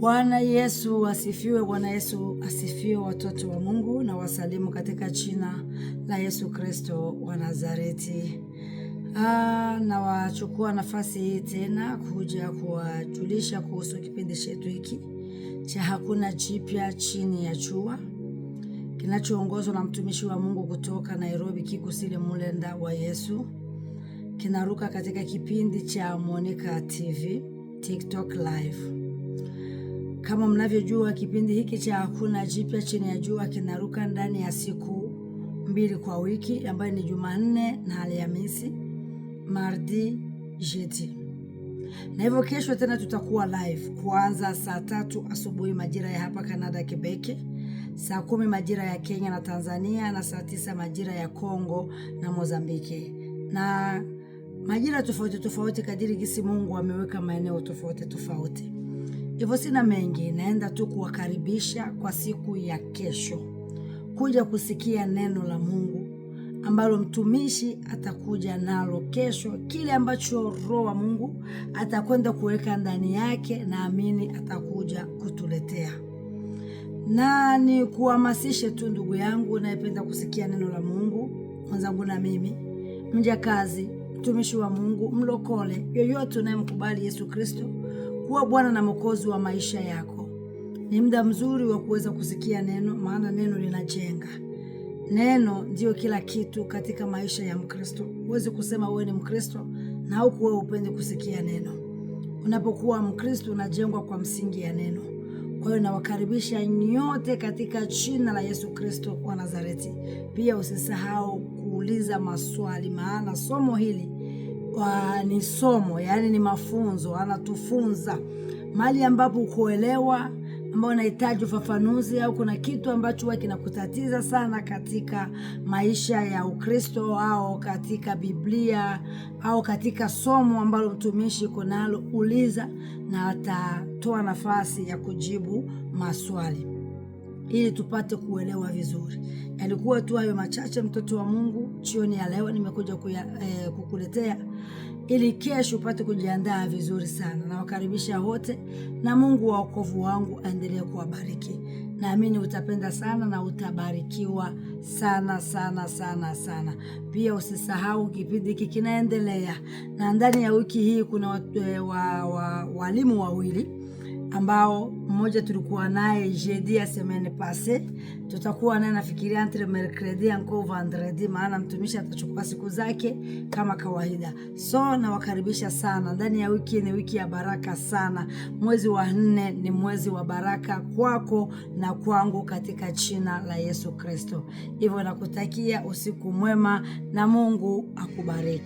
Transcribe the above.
Bwana Yesu asifiwe. Bwana Yesu asifiwe, watoto wa Mungu na wasalimu katika jina la Yesu Kristo wa Nazareti. Aa, ah, na wachukua nafasi hii tena kuja kuwajulisha kuhusu kipindi chetu hiki cha hakuna jipya chini ya jua kinachoongozwa na mtumishi wa Mungu kutoka Nairobi, Kikusile Mulenda wa Yesu, kinaruka katika kipindi cha Monica TV TikTok live kama mnavyojua, kipindi hiki cha Hakuna Jipya Chini ya Jua kinaruka ndani ya siku mbili kwa wiki, ambayo ni Jumanne na Alhamisi, mardi jeudi na hivyo kesho tena tutakuwa live kuanza saa tatu asubuhi majira ya hapa Kanada Quebec, saa kumi majira ya Kenya na Tanzania, na saa tisa majira ya Congo na Mozambiki, na majira tofauti tofauti kadiri gisi Mungu ameweka maeneo tofauti tofauti. Hivyo sina mengi, naenda tu kuwakaribisha kwa siku ya kesho kuja kusikia neno la Mungu ambalo mtumishi atakuja nalo kesho, kile ambacho Roho wa Mungu atakwenda kuweka ndani yake, naamini atakuja kutuletea. Na ni kuhamasishe tu ndugu yangu nayependa kusikia neno la Mungu, mwenzangu na mimi, mjakazi, mtumishi wa Mungu, mlokole, yoyote unayemkubali Yesu Kristo kuwa Bwana na Mwokozi wa maisha yako. Ni muda mzuri wa kuweza kusikia neno, maana neno linajenga. Neno ndiyo kila kitu katika maisha ya Mkristo. Huwezi kusema wewe ni Mkristo na huku wewe upende kusikia neno. Unapokuwa Mkristo unajengwa kwa msingi ya neno. Kwa hiyo nawakaribisha nyote katika jina la Yesu Kristo wa Nazareti. Pia usisahau kuuliza maswali, maana somo hili uh, ni somo yaani ni mafunzo, anatufunza mali ambapo ukuelewa ambao unahitaji ufafanuzi au kuna kitu ambacho huwa kinakutatiza sana katika maisha ya Ukristo au katika Biblia au katika somo ambalo mtumishi kunalo, uliza na atatoa nafasi ya kujibu maswali ili tupate kuelewa vizuri. Yalikuwa tu hayo machache, mtoto wa Mungu, jioni ya leo nimekuja kuya, eh, kukuletea ili kesho upate kujiandaa vizuri sana. Nawakaribisha wote na Mungu wa wokovu wangu aendelee kuwabariki. Naamini utapenda sana na utabarikiwa sana sana sana sana. Pia usisahau kipindi hiki kinaendelea, na ndani ya wiki hii kuna walimu eh, wa, wa, wawili ambao mmoja tulikuwa naye jeudi ya semaine pase, tutakuwa naye nafikiria entre mercredi anko vendredi, maana mtumishi atachukua siku zake kama kawaida. So nawakaribisha sana ndani ya wiki. Ni wiki ya baraka sana. Mwezi wa nne ni mwezi wa baraka kwako na kwangu katika jina la Yesu Kristo. Hivyo nakutakia usiku mwema na Mungu akubariki.